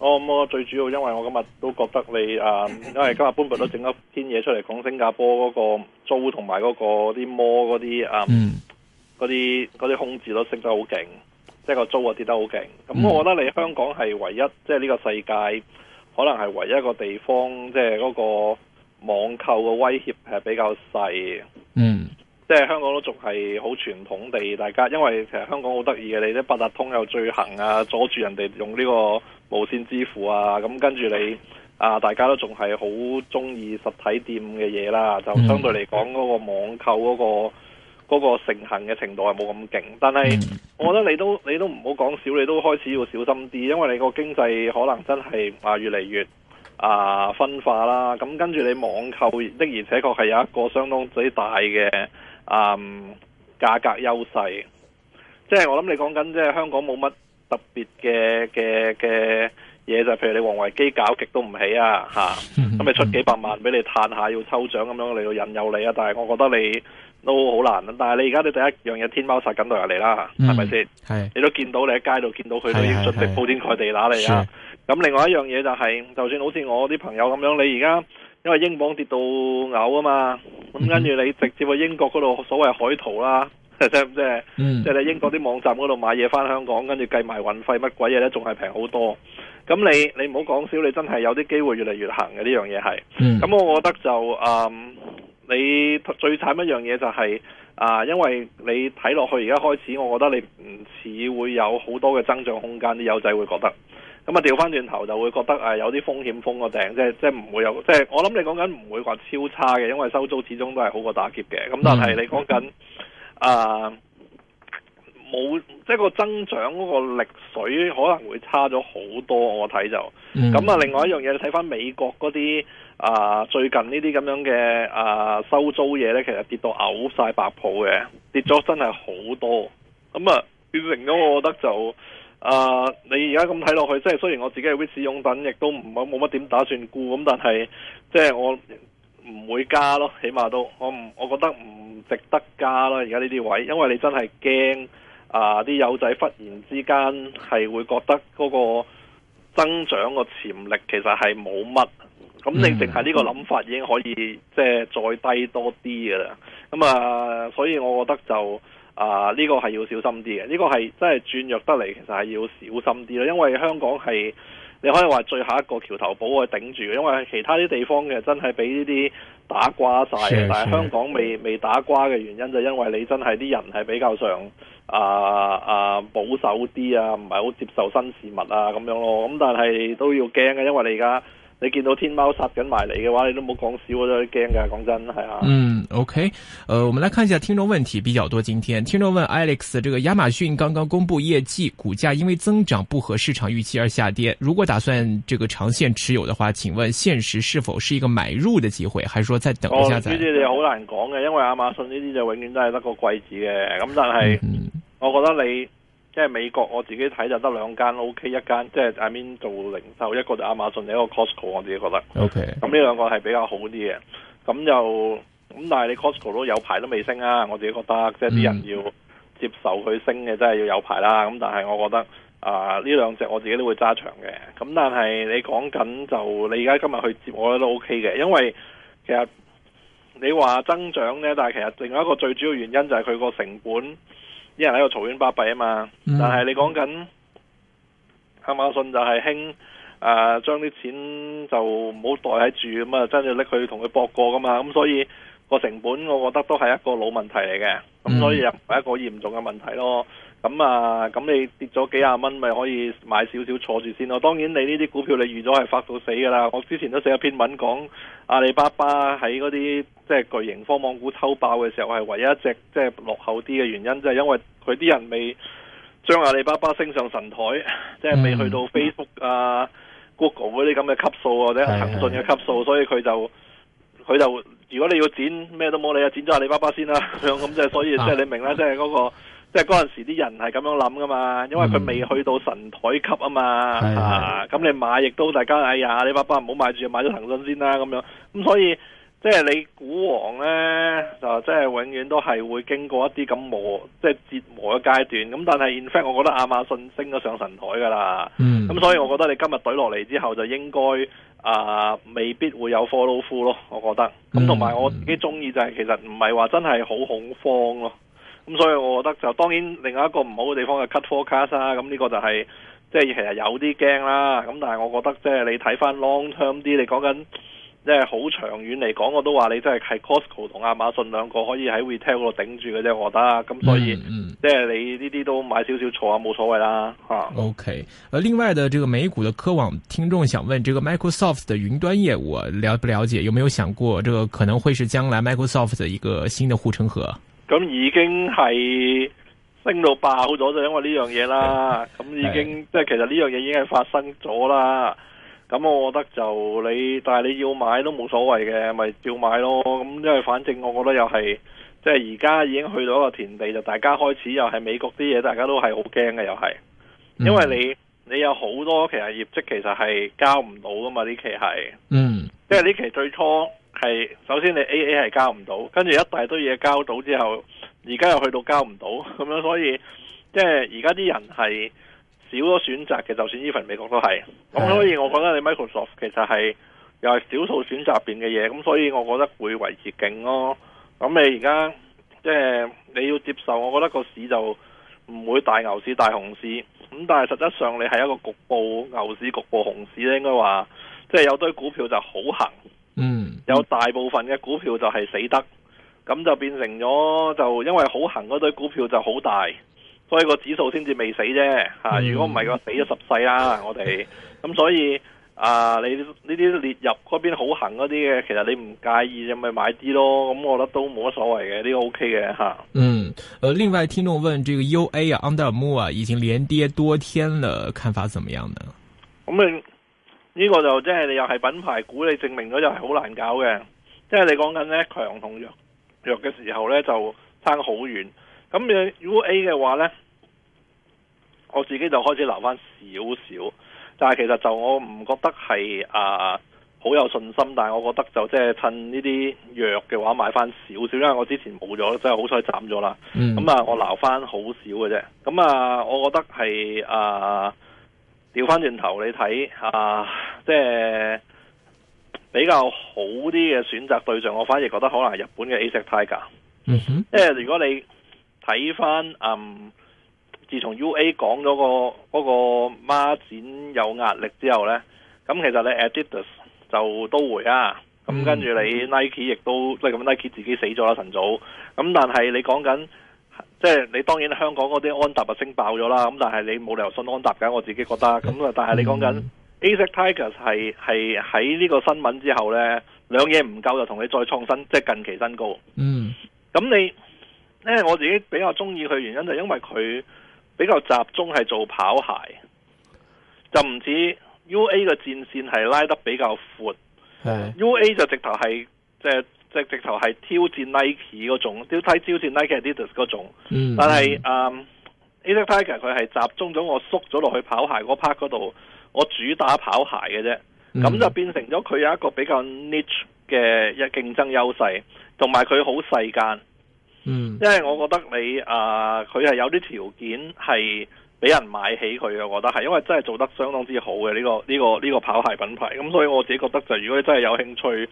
哦嗯、我冇，最主要因為我今日都覺得你啊、嗯，因為今日彭博都整咗篇嘢出嚟講新加坡嗰個租同埋嗰個啲摩嗰啲啊，嗰啲啲空置都升得好勁，即係個租啊跌得好勁。咁、嗯嗯、我覺得你香港係唯一，即係呢個世界可能係唯一一個地方，即係嗰個網購嘅威脅係比較細。嗯，即、就、係、是、香港都仲係好傳統地，大家因為其實香港好得意嘅，你啲八達通又最行啊，阻住人哋用呢、這個。無線支付啊，咁跟住你啊，大家都仲係好中意實體店嘅嘢啦，就相對嚟講嗰個網購嗰個嗰個盛行嘅程度係冇咁勁。但係我覺得你都你都唔好講少，你都開始要小心啲，因為你個經濟可能真係啊越嚟越啊分化啦。咁跟住你網購的而且確係有一個相當之大嘅啊價格優勢。即係我諗你講緊即係香港冇乜特別嘅嘅嘅嘢就係，譬如你王維基搞極都唔起啊，嚇、啊！咁 你出幾百萬俾你嘆下，要抽獎咁樣嚟到引誘你啊！但係我覺得你都好難。但係你而家都你第一樣嘢，天貓殺緊到入嚟啦，係咪先？係你都見到你喺街度見到佢都已經準備鋪天蓋地打你啊。咁另外一樣嘢就係、是，就算好似我啲朋友咁樣，你而家因為英鎊跌到嘔啊嘛，咁跟住你直接去英國嗰度所謂海淘啦。即即即你英國啲網站嗰度買嘢翻香港，跟、嗯、住計埋運費乜鬼嘢咧，仲係平好多。咁你你唔好講少，你真係有啲機會越嚟越行嘅呢樣嘢係。咁、嗯、我覺得就嗯，你最慘一樣嘢就係、是、啊，因為你睇落去而家開始，我覺得你唔似會有好多嘅增長空間。啲友仔會覺得咁啊，調翻轉頭就會覺得、啊、有啲風險封個頂，即係即係唔會有。即係我諗你講緊唔會話超差嘅，因為收租始終都係好過打劫嘅。咁、嗯、但係你講緊。嗯啊，冇即係個增長嗰個力水可能會差咗好多，我睇就咁、嗯、啊。另外一樣嘢，你睇翻美國嗰啲啊，最近呢啲咁樣嘅啊收租嘢咧，其實跌到嘔晒白泡嘅，跌咗真係好多。咁啊，變成咗我覺得就啊，你而家咁睇落去，即係雖然我自己係 w i s d 等，亦都唔冇冇乜點打算沽咁，但係即係我。唔會加咯，起碼都我唔，我覺得唔值得加咯。而家呢啲位，因為你真係驚啊，啲友仔忽然之間係會覺得嗰個增長個潛力其實係冇乜，咁你淨係呢個諗法已經可以、嗯、即係再低多啲嘅啦。咁啊、呃，所以我覺得就啊，呢、呃呢個係要小心啲嘅。呢、呢個係真係轉弱得嚟，其實係要小心啲咯，因為香港係。你可以話最後一個橋頭堡去頂住，因為其他啲地方嘅真係俾呢啲打瓜晒。係係係，但係香港未未打瓜嘅原因就因為你真係啲人係比較上啊啊、呃呃、保守啲啊，唔係好接受新事物啊咁樣咯。咁但係都要驚嘅，因為你而家。你見到天貓殺緊埋嚟嘅話，你都冇講少我都驚㗎，講真係啊。嗯，OK，呃我們來看一下聽眾問題比較多。今天聽眾問 Alex，這個亞馬遜剛剛公布業績，股價因為增長不合市場預期而下跌。如果打算這個長線持有的話，請問現實是否是一個買入的機會，還是說再等一下再？我呢啲你好難講嘅，因為亞馬遜呢啲就永遠都係得個貴字嘅。咁但係、哎嗯，我覺得你。即係美國，我自己睇就得兩間 OK，一間即係 Amazon 做零售，一個就亞馬遜，一個 Costco，我自己覺得 OK。咁呢兩個係比較好啲嘅。咁就，咁，但係你 Costco 都有排都未升啊，我自己覺得即係啲人要接受佢升嘅，真係要有排啦。咁但係我覺得啊，呢兩隻我自己都會揸長嘅。咁但係你講緊就你而家今日去接我覺得都 OK 嘅，因為其實你話增長呢。但係其實另外一個最主要原因就係佢個成本。人一人喺度嘈冤巴閉啊嘛，嗯、但係你講緊亞馬遜就係興誒，將、呃、啲錢就唔好袋喺住咁啊，真係拎佢同佢搏過㗎嘛，咁、嗯、所以個成本我覺得都係一個老問題嚟嘅，咁、嗯、所以又唔係一個嚴重嘅問題咯。咁啊，咁你跌咗幾廿蚊，咪可以買少少坐住先咯。當然你呢啲股票你預咗係發到死㗎啦。我之前都寫一篇文講阿里巴巴喺嗰啲即係巨型科網股抽爆嘅時候，係唯一一隻即係落後啲嘅原因，就係因為佢啲人未將阿里巴巴升上神台，嗯、即係未去到 Facebook 啊、Google 嗰啲咁嘅級數或者騰訊嘅級數，級數是是，所以佢就佢就如果你要剪咩都冇理啊，剪咗阿里巴巴先啦。咁即係所以即係你明啦，即係嗰個。即係嗰陣時啲人係咁樣諗噶嘛，因為佢未去到神台級啊嘛，吓、嗯、咁、啊啊、你買亦都大家哎呀阿里巴巴唔好買住，買咗騰訊先啦咁樣，咁、嗯、所以即係你股王咧就即係永遠都係會經過一啲咁磨即係折磨嘅階段，咁但係 in fact 我覺得亞馬遜升咗上神台噶啦，咁、嗯嗯、所以我覺得你今日懟落嚟之後就應該啊、呃、未必會有 follow through 咯，我覺得咁，同埋我自己中意就係、是、其實唔係話真係好恐慌咯。咁所以，我、啊就是我就是我以，我覺得就當然、嗯嗯啊，另外一個唔好嘅地方係 cut forecast 啦。咁呢個就係即係其實有啲驚啦。咁但係我覺得，即係你睇翻 long term 啲，你講緊即係好長遠嚟講，我都話你真係係 Costco 同亞馬遜兩個可以喺 retail 度頂住嘅啫。我覺得咁，所以即係你呢啲都買少少錯啊，冇所謂啦。嚇。OK。呃，另外呢，這個美股嘅科網聽眾想問：這個 Microsoft 嘅雲端業務了不了解？有沒有想過這個可能會是將來 Microsoft 嘅一個新的護城河？咁已經係升到爆咗，就因為呢樣嘢啦。咁已經即係其實呢樣嘢已經係發生咗啦。咁我覺得就你，但係你要買都冇所謂嘅，咪照買咯。咁因為反正我覺得又係即係而家已經去到一個田地，就大家開始又係美國啲嘢，大家都係好驚嘅又係。因為你你有好多其實業績其實係交唔到㗎嘛，呢期係。嗯。即係呢期最初。係首先你 A A 係交唔到，跟住一大堆嘢交到之後，而家又去到交唔到咁樣，所以即係而家啲人係少咗選擇嘅，就算依份美國都係，咁所以我覺得你 Microsoft 其實係又係少數選擇邊嘅嘢，咁所以我覺得會維持勁咯、哦。咁你而家即係你要接受，我覺得個市就唔會大牛市、大熊市，咁但係實質上你係一個局部牛市、局部熊市咧，應該話即係有堆股票就好行。嗯，有大部分嘅股票就係死得，咁就變成咗就，因為好行嗰堆股票就好大，所以個指數先至未死啫吓、啊嗯。如果唔係個死咗十世啦、嗯，我哋咁所以啊，你呢啲列入嗰邊好行嗰啲嘅，其實你唔介意就咪買啲咯。咁我覺得都冇乜所謂嘅，呢、這個 O K 嘅吓。嗯，誒，另外聽眾問，這個 U A 啊，安德爾 mo 啊，已經連跌多天了，看法怎麼樣呢？咁、嗯。呢、這個就即係你又係品牌股，估你證明咗又係好難搞嘅。即係你講緊咧強同弱弱嘅時候咧，就差好遠。咁誒，如果 A 嘅話咧，我自己就開始留翻少少。但係其實就我唔覺得係誒好有信心。但係我覺得就即係趁呢啲弱嘅話買翻少少，因為我之前冇咗，即係好彩斬咗啦。咁、嗯、啊，我留翻好少嘅啫。咁啊，我覺得係誒。啊調翻轉頭你睇啊，即係比較好啲嘅選擇對象，我反而覺得可能係日本嘅 Asics Tiger、嗯。即係如果你睇翻嗯，自從 U A 講咗個嗰、那個孖展有壓力之後呢，咁其實你 Adidas 就都回啊，咁、嗯、跟住你 Nike 亦都即係咁 Nike 自己死咗啦晨早，咁但係你講緊。即係你當然香港嗰啲安踏啊升爆咗啦，咁但係你冇理由信安踏嘅，我自己覺得，咁啊、嗯。但係你講緊、嗯、Asics Tigers 係係喺呢個新聞之後呢，兩嘢唔夠就同你再創新，即係近期新高。嗯，咁你因為我自己比較中意佢原因就係因為佢比較集中係做跑鞋，就唔似 UA 嘅戰線係拉得比較闊、嗯。UA 就直頭係即係。就是即直頭係挑戰 Nike 嗰種，挑、挑戰 Nike Adidas 嗰種。嗯、但係誒，Adidas 佢係集中咗我縮咗落去跑鞋嗰 part 嗰度，我主打跑鞋嘅啫。咁、嗯、就變成咗佢有一個比較 niche 嘅一競爭優勢，同埋佢好細間、嗯。因為我覺得你誒，佢、呃、係有啲條件係俾人買起佢嘅，我覺得係，因為真係做得相當之好嘅呢、呢個呢、呢個呢、呢個跑鞋品牌。咁所以我自己覺得就係，如果你真係有興趣。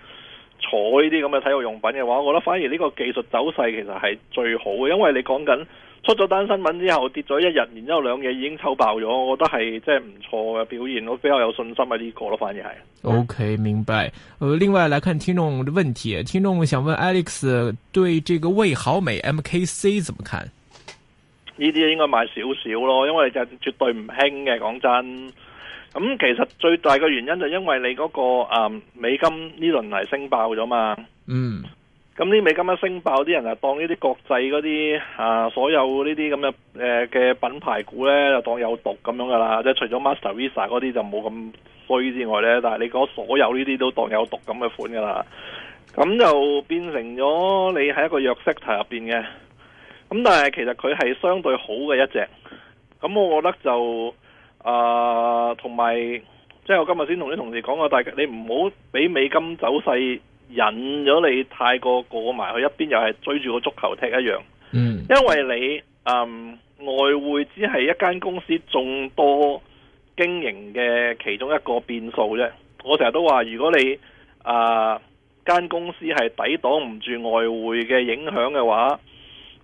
採呢啲咁嘅體育用品嘅話，我覺得反而呢個技術走勢其實係最好嘅，因為你講緊出咗單新聞之後跌咗一日，然之後兩嘢已經抽爆咗，我覺得係即係唔錯嘅表現，我比較有信心啊呢、這個咯，反而係。OK，明白。呃，另外來看聽眾問題，聽眾想問 Alex 對這個味好美 MKC 怎麼看？呢啲應該買少少咯，因為就絕對唔輕嘅，講真。咁其實最大嘅原因就因為你嗰、那個誒、嗯、美金呢輪係升爆咗嘛，嗯，咁呢美金一升爆，啲人就當呢啲國際嗰啲啊所有呢啲咁嘅誒嘅品牌股咧，就當有毒咁樣噶啦，即、就、係、是、除咗 Master Visa 嗰啲就冇咁衰之外咧，但係你講所有呢啲都當有毒咁嘅款噶啦，咁就變成咗你喺一個弱 sector 入邊嘅，咁但係其實佢係相對好嘅一隻，咁我覺得就。啊，同埋即係我今日先同啲同事講過，大家你唔好俾美金走勢引咗你太過過埋去一邊，又係追住個足球踢一樣。嗯，因為你嗯外匯只係一間公司眾多經營嘅其中一個變數啫。我成日都話，如果你啊間公司係抵擋唔住外匯嘅影響嘅話，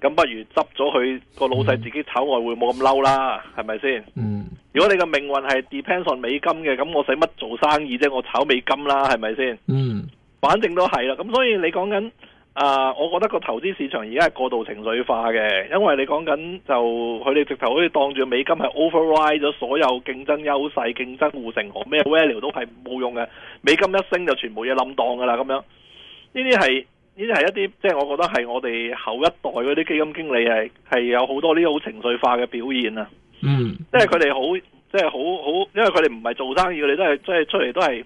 咁不如執咗佢個老細自己炒外匯冇咁嬲啦，係咪先？嗯。如果你嘅命運係 depends on 美金嘅，咁我使乜做生意啫？我炒美金啦，係咪先？嗯，反正都係啦。咁所以你講緊啊，我覺得個投資市場而家係過度情緒化嘅，因為你講緊就佢哋直頭可以當住美金係 override 咗所有競爭優勢、競爭護城河、咩 value 都係冇用嘅。美金一升就全部嘢冧檔㗎喇，咁樣呢啲係呢啲係一啲即係我覺得係我哋後一代嗰啲基金經理係係有好多呢啲好情緒化嘅表現啊！嗯，即係佢哋好，即係好好，因為佢哋唔係做生意，佢哋都係即係出嚟都係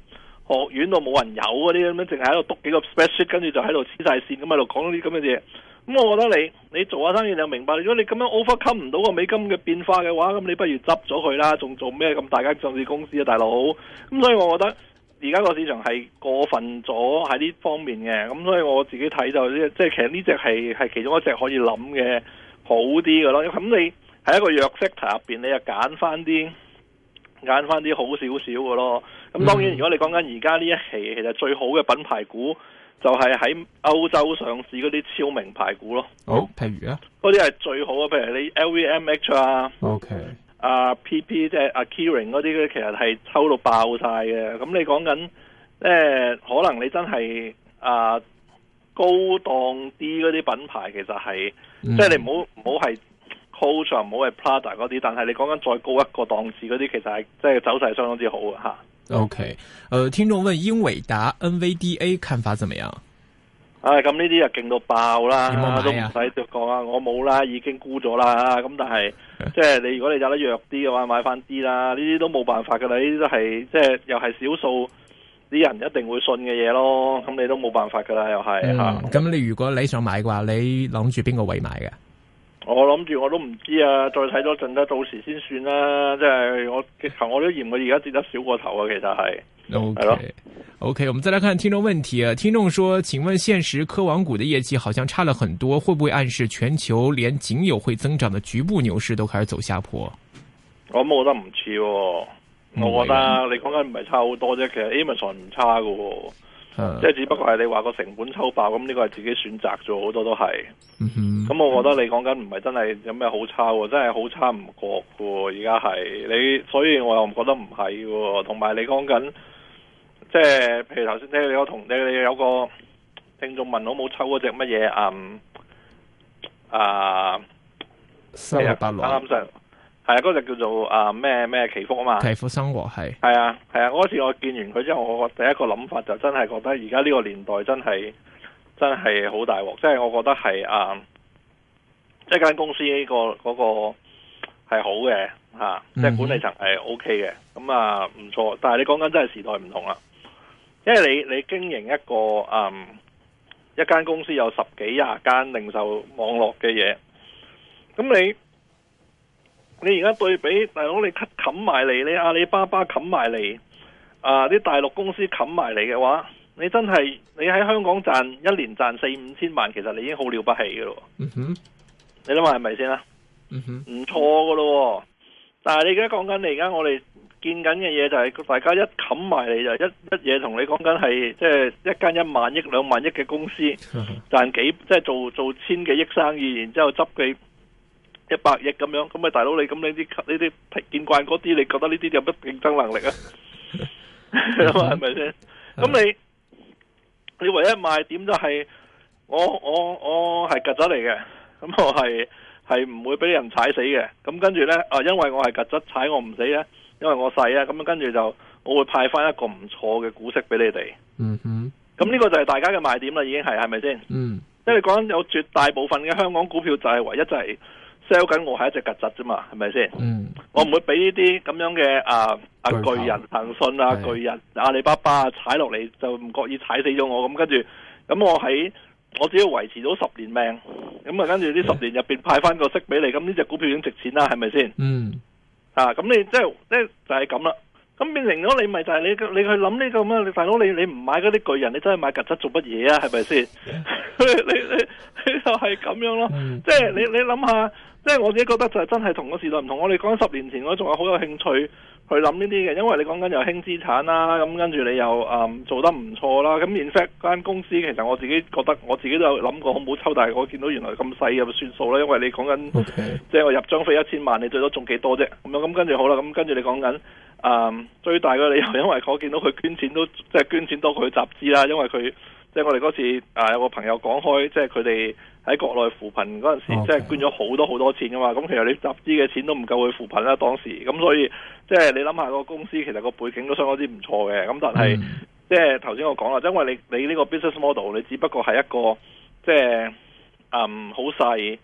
學院都冇人有嗰啲咁樣，淨係喺度讀幾個 special sheet，跟住就喺度黐晒線咁喺度講啲咁嘅嘢。咁、嗯、我覺得你你做下生意你就明白了，如果你咁樣 overcome 唔到個美金嘅變化嘅話，咁你不如執咗佢啦，仲做咩咁大間上市公司啊，大佬？咁、嗯、所以我覺得而家個市場係過分咗喺呢方面嘅，咁、嗯、所以我自己睇就是、即係其實呢隻係係其中一隻可以諗嘅好啲噶咯，咁、嗯、你。喺一個弱勢題入邊，你就揀翻啲揀翻啲好少少嘅咯。咁當然，如果你講緊而家呢一期，其實最好嘅品牌股就係喺歐洲上市嗰啲超名牌股咯。好、哦，譬如啊，嗰啲係最好啊，譬如你 LVMH 啊，OK 啊 PP 即係啊 Kering 嗰啲咧，其實係抽到爆晒嘅。咁你講緊即係可能你真係啊高檔啲嗰啲品牌，其實係、嗯、即係你唔好唔好係。通常唔好係 Prada 嗰啲，但係你講緊再高一個檔次嗰啲，其實係即係走勢相當之好嘅吓。O K，誒，聽眾問英偉達 N V D A 看法怎麼樣？唉、啊，咁呢啲又勁到爆啦，啊、都唔使講啊，我冇啦，已經沽咗啦。咁但係即係你如果你有得弱啲嘅話，買翻啲啦。呢啲都冇辦法噶啦，呢啲都係即係又係少數啲人一定會信嘅嘢咯。咁你都冇辦法噶啦，又係吓。咁、嗯啊、你如果你想買嘅話，你諗住邊個位買嘅？我諗住我都唔知啊，再睇多陣啦，到時先算啦啊。即係我其實我都嫌我而家跌得少過頭啊，其實係。OK，OK，我們再來看看聽眾問題啊。聽眾說：請問現時科網股的業績好像差了很多，會不會暗示全球連僅有會增長的局部牛市都開始走下坡？我覺得唔似喎，我覺得啊，嗯，你講緊唔係差好多啫。其實 Amazon 唔差㗎喎。即係只不過係你話個成本抽爆，咁呢個係自己選擇咗，好多都係。咁、嗯、我覺得你講緊唔係真係有咩好差喎，真係好差唔過噶。而家係你，所以我又唔覺得唔係。同埋你講緊，即係譬如頭先，即係你有同你你有個聽眾問好沒有什麼，我冇抽嗰隻乜嘢啊啊三十八六。係嗰隻叫做啊咩咩祈福啊嘛，祈福生活係，係啊係啊！嗰時、啊、我見完佢之後，我第一個諗法就真係覺得而家呢個年代真係真係好大鑊，即、就、係、是、我覺得係啊一間公司呢、那個嗰、那個係好嘅吓，即、啊、係、就是、管理層係 OK 嘅，咁、嗯、啊唔錯。但係你講緊真係時代唔同啦，因為你你經營一個啊、嗯、一間公司有十幾廿間零售網絡嘅嘢，咁你。你而家對比，大佬你冚埋嚟，你阿里巴巴冚埋嚟，啊啲大陸公司冚埋嚟嘅話，你真係你喺香港賺一年賺四五千萬，其實你已經好了不起嘅咯。嗯哼，你諗下係咪先啦？嗯哼，唔錯嘅咯。但係你而家講緊，你而家我哋見緊嘅嘢就係大家一冚埋嚟就一一嘢同你講緊係，即係一間一萬億兩萬億嘅公司，賺幾即係做做千幾億生意，然之後執幾。一百億咁樣，咁啊，大佬你咁你啲呢啲睇見慣嗰啲，你覺得呢啲有乜競爭能力啊？係咪先？咁你你唯一賣點就係、是、我我我係曱甴嚟嘅，咁我係係唔會俾人踩死嘅。咁跟住呢，啊，因為我係曱甴，踩我唔死啊，因為我細咧、啊。咁跟住就我會派翻一個唔錯嘅股息俾你哋。嗯哼，咁呢個就係大家嘅賣點啦，已經係係咪先？嗯，因為講緊有絕大部分嘅香港股票就係唯一就係、是。緊我係一隻曱甴啫嘛，係咪先？我唔會俾呢啲咁樣嘅啊啊，巨人騰訊啊，巨人阿里巴巴啊，踩落嚟就唔覺意踩死咗我咁，跟住咁我喺我只要維持到十年命，咁啊跟住呢十年入邊派翻個息俾你，咁呢隻股票已經值錢啦，係咪先？嗯，啊咁你即係即係就係咁啦，咁、就是、變成咗你咪就係、是、你你去諗呢、個咩？你大佬你你唔買嗰啲巨人，你真係買曱甴做乜嘢啊？係咪先？你你。係咁樣咯，即係、 就是、你你諗下，即、就、係、是、我自己覺得就是真係同個時代唔同。我哋講十年前，我仲係好有興趣去諗呢啲嘅，因為你講緊有輕資產啦，咁跟住你又誒、嗯、做得唔錯啦。咁 in fact 間公司，其實我自己覺得，我自己都有諗過，好唔好抽底？我見到原來咁細嘅算數啦，因為你講緊，即、okay. 係我入張費一千萬，你最多仲幾多啫？咁樣咁跟住好啦，咁跟住你講緊誒最大嘅理由，因為我見到佢捐錢都即係、就是、捐錢多過佢集資啦，因為佢。即係我哋嗰次、啊、有個朋友講開，即係佢哋喺國內扶貧嗰陣時，okay. 即係捐咗好多好多錢噶嘛。咁其實你集資嘅錢都唔夠去扶貧啦，當時。咁所以即係你諗下、個公司，其實個背景都相當之唔錯嘅。咁但係、mm. 即係頭先我講啦，即因為你你呢個 business model，你只不過係一個即係嗯好細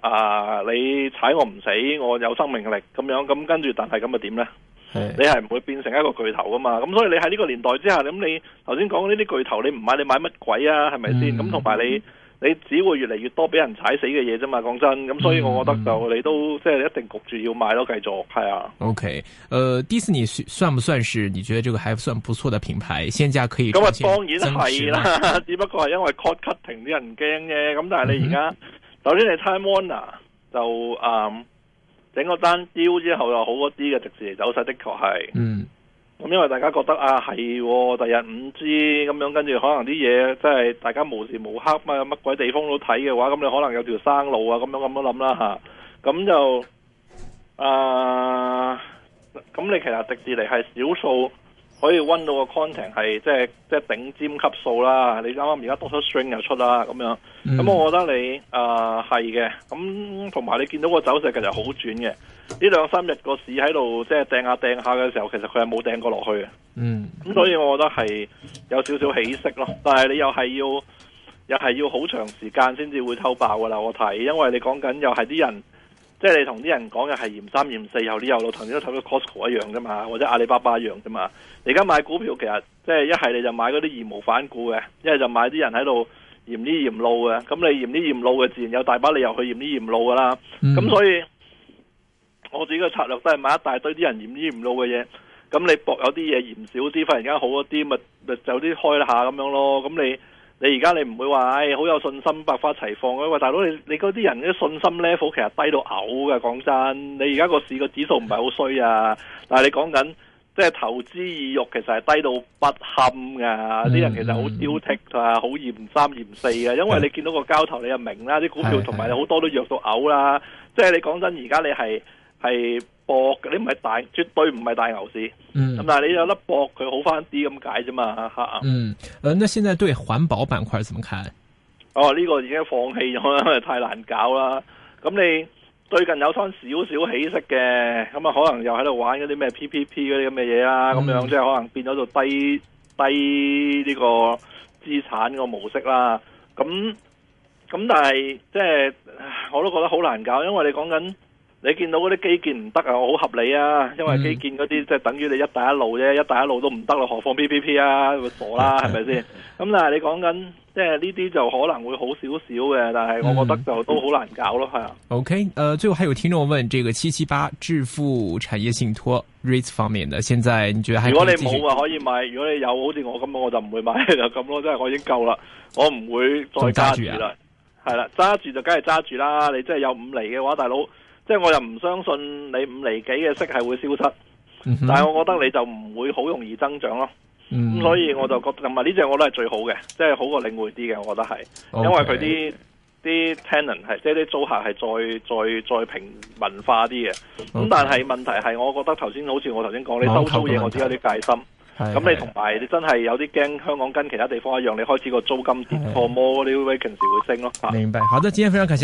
啊，你踩我唔死，我有生命力咁樣。咁跟住，但係咁就點咧？你係唔會變成一個巨頭噶嘛？咁所以你喺呢個年代之下，咁你頭先講呢啲巨頭你，你唔買你買乜鬼啊？係咪先？咁同埋你，你只會越嚟越多俾人踩死嘅嘢啫嘛。講真，咁所以我覺得就你都、嗯、即係一定焗住要買咯，繼續係啊。OK，誒，Disney 算唔算是你覺得這個還算不錯嘅品牌？現價可以咁啊，當然係啦，只不過係因為 cord cutting 啲人驚嘅，咁但係你而家頭先你 Time Warner 就嗯。呃整個單挑之後又好咗啲嘅，迪士尼走勢的確係。嗯，咁因為大家覺得啊係，第日五 G 咁樣，跟住可能啲嘢即係大家無時無刻啊乜鬼地方都睇嘅話，咁你可能有條生路啊咁樣咁樣諗啦吓。咁就啊，咁你其實迪士尼係少數。可以溫到個 content 係即係即係頂尖級數啦！你啱啱而家 Doctor String 又出啦咁樣，咁、嗯、我覺得你誒係嘅。咁同埋你見到個走勢其實好轉嘅，呢兩三日個市喺度即係掟下掟下嘅時候，其實佢係冇掟過落去嘅。嗯，咁所以我覺得係有少少起色咯。但係你又係要，又係要好長時間先至會偷爆噶啦！我睇，因為你講緊又係啲人。即係你同啲人講嘅係嫌三嫌四，以後你又落屯，你都睇到 Costco 一樣啫嘛，或者阿里巴巴一樣啫嘛。而家買股票其實即係一係你就買嗰啲義無反顧嘅，一係就買啲人喺度嫌呢嫌路嘅。咁你嫌呢嫌路嘅自然有大把理由去嫌呢嫌路噶啦。咁、嗯、所以我自己嘅策略都係買一大堆啲人嫌呢嫌路嘅嘢。咁你博有啲嘢嫌少啲，忽然間好啲，咪咪就啲開下咁樣咯。咁你。你而家你唔會話、哎，好有信心百花齊放啊！喂，大佬，你你嗰啲人啲信心 level 其實低到嘔㗎。講真。你而家個市個指數唔係好衰啊，但係你講緊即係投資意欲其實係低到不堪㗎，啲、嗯、人其實好挑剔啊，好、嗯、嫌三嫌四㗎，因為你見到個交投你又明啦，啲、嗯、股票同埋好多都弱到嘔啦，即、嗯、係、就是、你講、嗯、真，而家你係。係博，你唔係大，絕對唔係大牛市。嗯，咁但係你有粒博，佢好翻啲咁解啫嘛吓。嗯，誒，那現在對環保板塊怎麼看？哦，呢個已經放棄咗啦，因為太難搞啦。咁你最近有翻少少起色嘅，咁啊可能又喺度玩嗰啲咩 PPP 嗰啲咁嘅嘢啊，咁樣即係可能變咗做低低呢個資產個模式啦。咁咁但係即係我都覺得好難搞，因為你講緊。你見到嗰啲基建唔得啊，好合理啊，因為基建嗰啲即係等於你一帶一路啫，一帶一路都唔得咯，何況 P P P 啊，會傻啦，係咪先？咁但係你講緊即係呢啲就可能會好少少嘅，但係我覺得就都好難搞咯，係啊。O K，誒，最後還有聽眾問，這個七七八置富產業信托 REITs 方面的，現在你覺得還？如果你冇啊，可以買；如果你有，好似我咁樣，我就唔會買 就咁咯，即係我已經夠啦，我唔會再揸住啦。係啦、啊，揸住就梗係揸住啦，你真係有五厘嘅話，大佬。即係我又唔相信你五厘幾嘅息係會消失，mm -hmm. 但係我覺得你就唔會好容易增長咯。咁、mm -hmm. 所以我就覺得同埋呢隻我都係最好嘅，即係好過領匯啲嘅，我覺得係，okay. 因為佢啲啲 tenant 係即係啲租客係再再再平民化啲嘅。咁、okay. 嗯、但係問題係，我覺得頭先好似我頭先講，你、okay. 收租嘢我都有啲戒心。咁、okay. 你同埋你真係有啲驚香港跟其他地方一樣，你開始個租金跌破摩，啲 vacancy 會升咯。明白，好的，非常